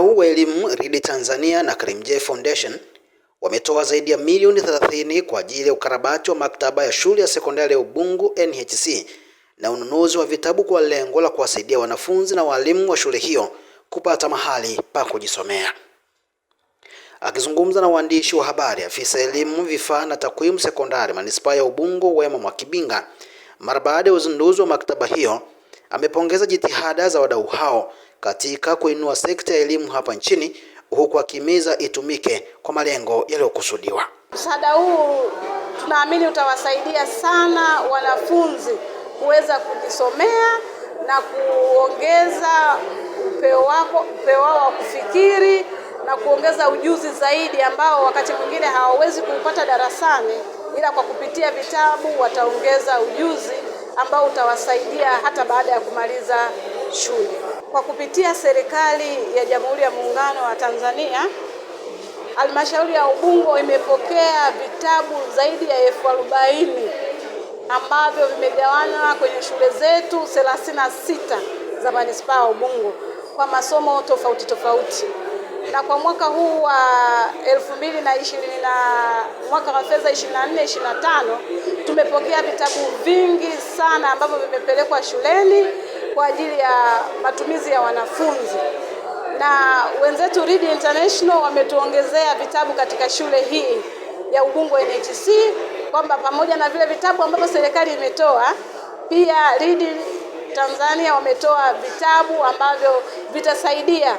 Wadau wa elimu Read Tanzania na Karim J Foundation wametoa zaidi ya milioni 30 kwa ajili ya ukarabati wa maktaba ya shule ya sekondari ya Ubungu NHC na ununuzi wa vitabu kwa lengo la kuwasaidia wanafunzi na walimu wa shule hiyo kupata mahali pa kujisomea. Akizungumza na waandishi wa habari, afisa elimu vifaa na takwimu sekondari manispaa ya Ubungo Wema Mwakibinga mara baada ya uzinduzi wa maktaba hiyo amepongeza jitihada za wadau hao katika kuinua sekta ya elimu hapa nchini huku akihimiza itumike kwa malengo yaliyokusudiwa. Msaada huu tunaamini utawasaidia sana wanafunzi kuweza kujisomea na kuongeza upeo wako upeo wao wa kufikiri na kuongeza ujuzi zaidi ambao wakati mwingine hawawezi kuupata darasani, ila kwa kupitia vitabu wataongeza ujuzi ambao utawasaidia hata baada ya kumaliza shule. Kwa kupitia serikali ya Jamhuri ya Muungano wa Tanzania, Halmashauri ya Ubungo imepokea vitabu zaidi ya elfu arobaini ambavyo vimegawanywa kwenye shule zetu 36 za manispaa ya Ubungo kwa masomo tofauti tofauti na kwa mwaka huu wa elfu mbili na ishirini na mwaka wa fedha 24 25 tumepokea vitabu vingi sana ambavyo vimepelekwa shuleni kwa ajili ya matumizi ya wanafunzi na wenzetu Read International wametuongezea vitabu katika shule hii ya Ubungo NHC kwamba pamoja na vile vitabu ambavyo serikali imetoa, pia Read Tanzania wametoa vitabu ambavyo vitasaidia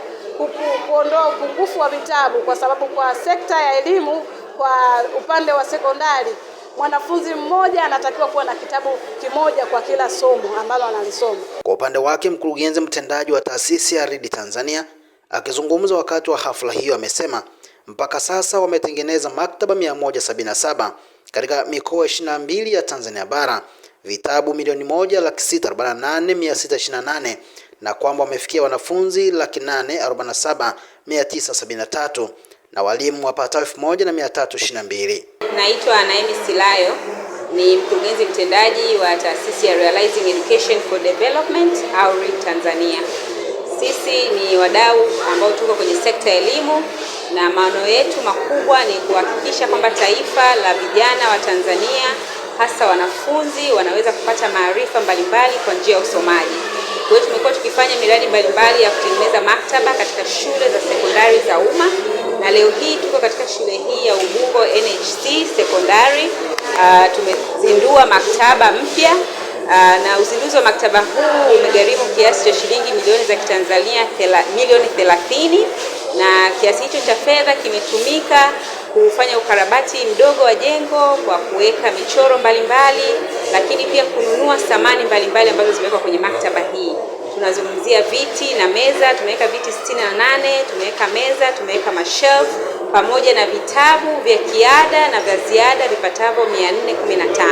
kuondoa upungufu wa vitabu, kwa sababu kwa sekta ya elimu kwa upande wa sekondari mwanafunzi mmoja anatakiwa kuwa na kitabu kimoja kwa kila somo ambalo analisoma. Kwa upande wake, mkurugenzi mtendaji wa taasisi ya Read Tanzania akizungumza wakati wa hafla hiyo amesema mpaka sasa wametengeneza maktaba 177 katika mikoa 22 ya Tanzania bara, vitabu milioni moja laki sita arobaini na nane mia sita ishirini na nane na kwamba wamefikia wanafunzi laki nane arobaini na saba mia tisa sabini na tatu na walimu wapatao elfu moja na mia tatu ishirini na mbili. Naitwa Naemi Silayo ni mkurugenzi mtendaji wa taasisi ya Realizing Education for Development au RED Tanzania. Sisi ni wadau ambao tuko kwenye sekta ya elimu na maono yetu makubwa ni kuhakikisha kwamba taifa la vijana wa Tanzania hasa wanafunzi wanaweza kupata maarifa mbalimbali kwa njia ya usomaji. Kwa hiyo tumekuwa tukifanya miradi mbalimbali ya kutengeneza maktaba katika shule za sekondari za umma, na leo hii tuko katika shule hii ya Ubungo NHC Sekondari. Uh, tumezindua maktaba mpya uh, na uzinduzi wa maktaba huu umegharimu kiasi cha shilingi milioni za Kitanzania milioni 30 na kiasi hicho cha fedha kimetumika kufanya ukarabati mdogo wa jengo kwa kuweka michoro mbalimbali mbali, lakini pia kununua samani mbalimbali ambazo zimewekwa kwenye maktaba hii. Tunazungumzia viti na meza, tumeweka viti sitini na nane, tumeweka meza, tumeweka mashelf pamoja na vitabu vya kiada na vya ziada vipatavyo 415.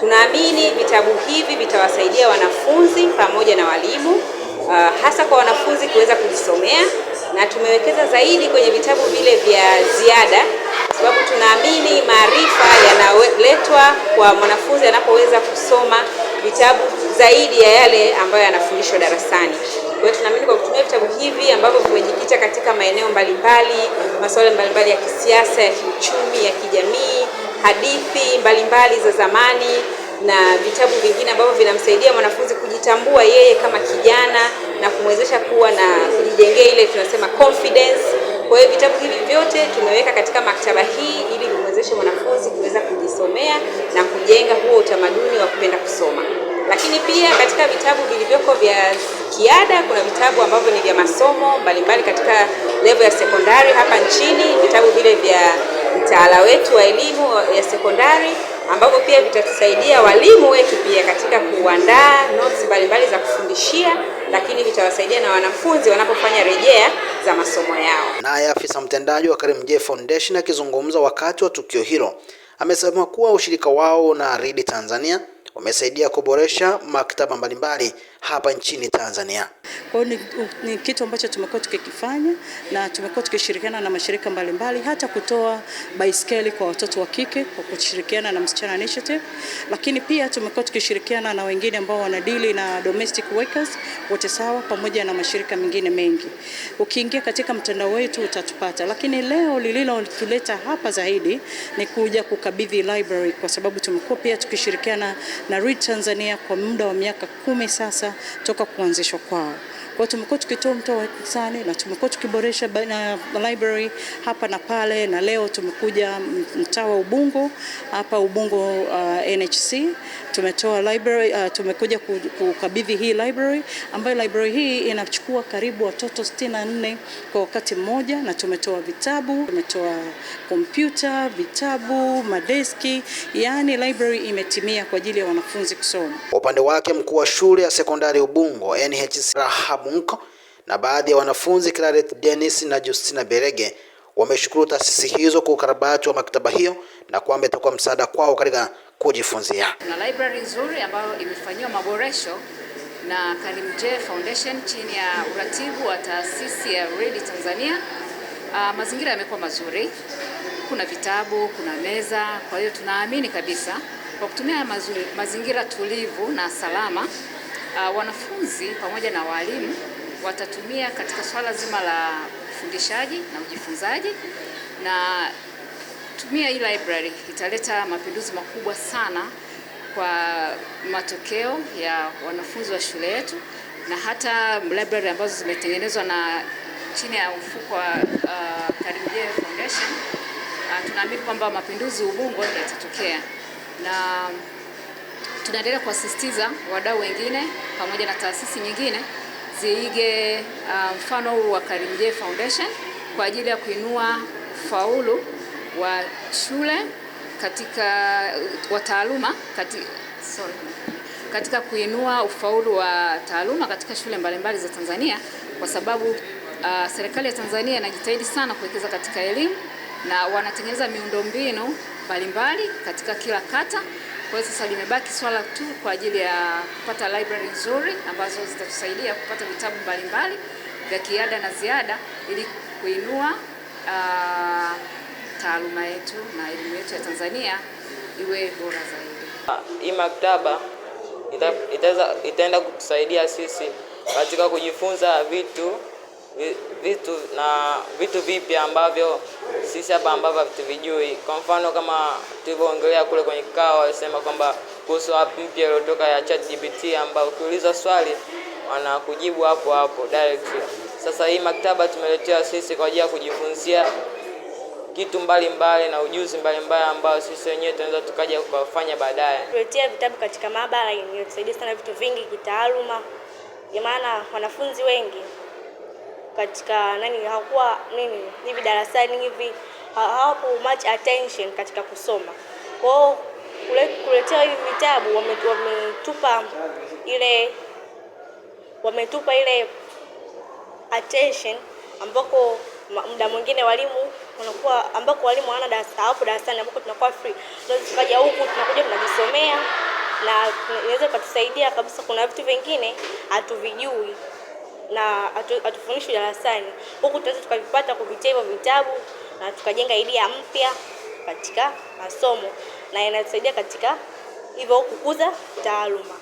Tunaamini vitabu hivi vitawasaidia wanafunzi pamoja na walimu, uh, hasa kwa wanafunzi kuweza kujisomea na tumewekeza zaidi kwenye vitabu vile vya ziada, kwa sababu tunaamini maarifa yanaletwa kwa mwanafunzi anapoweza kusoma vitabu zaidi ya yale ambayo yanafundishwa darasani. Kwa hiyo tunaamini kwa kutumia vitabu hivi ambavyo vimejikita katika maeneo mbalimbali, masuala mbalimbali ya kisiasa, ya kiuchumi, ya kijamii, hadithi mbalimbali za zamani na vitabu vingine ambavyo vinamsaidia mwanafunzi kujitambua yeye kama kijana na kumwezesha kuwa na kujijengea ile tunasema confidence. Kwa hiyo vitabu hivi vyote tumeweka katika maktaba hii ili kumwezesha mwanafunzi kuweza kujisomea na kujenga huo utamaduni wa kupenda kusoma. Lakini pia katika vitabu vilivyoko vya kiada kuna vitabu ambavyo ni vya masomo mbalimbali katika level ya sekondari hapa nchini, vitabu vile vya mtaala wetu wa elimu ya sekondari ambavyo pia vitatusaidia walimu wetu pia katika kuandaa notes mbalimbali za kufundishia, lakini vitawasaidia na wanafunzi wanapofanya rejea za masomo yao. Naye afisa mtendaji wa Karimjee Foundation akizungumza wakati wa tukio hilo amesema kuwa ushirika wao na Read Tanzania umesaidia kuboresha maktaba mbalimbali hapa nchini Tanzania. Kwa hiyo ni, ni kitu ambacho tumekuwa tukikifanya na tumekuwa tukishirikiana na mashirika mbalimbali mbali, hata kutoa baiskeli kwa watoto wa kike kwa kushirikiana na Msichana Initiative, lakini pia tumekuwa tukishirikiana na wengine ambao wanadili na domestic workers wote sawa, pamoja na mashirika mengine mengi. Ukiingia katika mtandao wetu utatupata, lakini leo lililotuleta hapa zaidi ni kuja kukabidhi library, kwa sababu tumekuwa pia tukishirikiana na Read Tanzania kwa muda wa miaka kumi sasa toka kuanzishwa kwao. Kwa tumekuwa tukitoa wa hisani na tumekuwa tukiboresha na library hapa na pale, na leo tumekuja mtaa wa Ubungo hapa Ubungo uh, NHC tumetoa library uh, tumekuja kukabidhi hii library ambayo library hii inachukua karibu watoto 64 kwa wakati mmoja, na tumetoa vitabu, tumetoa kompyuta, vitabu, madeski, yani library imetimia kwa ajili ya wanafunzi kusoma. Kwa upande wake mkuu wa shule ya sekondari Ubungo NHC Rahabu matamko, na baadhi ya wanafunzi Claret Dennis na Justina Berege wameshukuru taasisi hizo kwa ukarabati wa maktaba hiyo na kwamba itakuwa msaada kwao katika kujifunzia. Na library nzuri ambayo imefanyiwa maboresho na J Foundation chini ya uratibu wa taasisi ya Read Tanzania. Uh, mazingira yamekuwa mazuri, kuna vitabu, kuna meza. Kwa hiyo tunaamini kabisa kwa kutumia mazingira tulivu na salama uh, wanafunzi pamoja na walimu watatumia katika swala zima la ufundishaji na ujifunzaji, na tumia hii library italeta mapinduzi makubwa sana kwa matokeo ya wanafunzi wa shule yetu, na hata library ambazo zimetengenezwa na chini ya mfuko wa uh, Foundation uh, tunaamini kwamba mapinduzi Ubungo yatatokea na Tunaendelea kuwasisitiza wadau wengine pamoja na taasisi nyingine ziige uh, mfano um, huu wa Karimjee Foundation kwa ajili ya kuinua faulu wa shule katika wa taaluma katika, sorry, katika kuinua ufaulu wa taaluma katika shule mbalimbali za Tanzania kwa sababu uh, serikali ya Tanzania inajitahidi sana kuwekeza katika elimu na wanatengeneza miundombinu mbalimbali katika kila kata. Kwa hiyo sasa limebaki swala tu kwa ajili ya kupata library nzuri ambazo zitatusaidia kupata vitabu mbalimbali vya kiada na ziada ili kuinua uh, taaluma yetu na elimu yetu ya Tanzania iwe bora zaidi. Ah, hii maktaba itaenda kutusaidia sisi katika kujifunza vitu vitu na vitu vipya ambavyo sisi hapa ambavyo hatuvijui. Kwa mfano kama tulivyoongelea kule kwenye kikao, walisema kwamba kuhusu app mpya iliyotoka ya ChatGPT ambayo ukiuliza swali wanakujibu hapo hapo direct. Sasa hii maktaba tumeletewa sisi kwa ajili ya kujifunzia kitu mbalimbali mbali na ujuzi mbalimbali ambao sisi wenyewe tunaweza tukaja kufanya baadaye. Tuletea vitabu katika maabara imetusaidia sana vitu vingi kitaaluma, kwa maana wanafunzi wengi katika nani, hakuwa nini hivi darasani hivi hawapo much attention katika kusoma. Kwa hiyo kuletea hivi vitabu wametupa ile wametupa ile attention ambako muda mwingine walimu wanakuwa ambako walimu hawana darasa hapo darasani ambako tunakuwa free, tunaweza tukaja huku tunakuja tunajisomea na inaweza ikatusaidia kabisa. Kuna vitu vingine hatuvijui na hatufundishwi darasani, huku tuweze tukavipata kupitia hivyo vitabu na tukajenga idea mpya katika masomo na inatusaidia katika hivyo kukuza taaluma.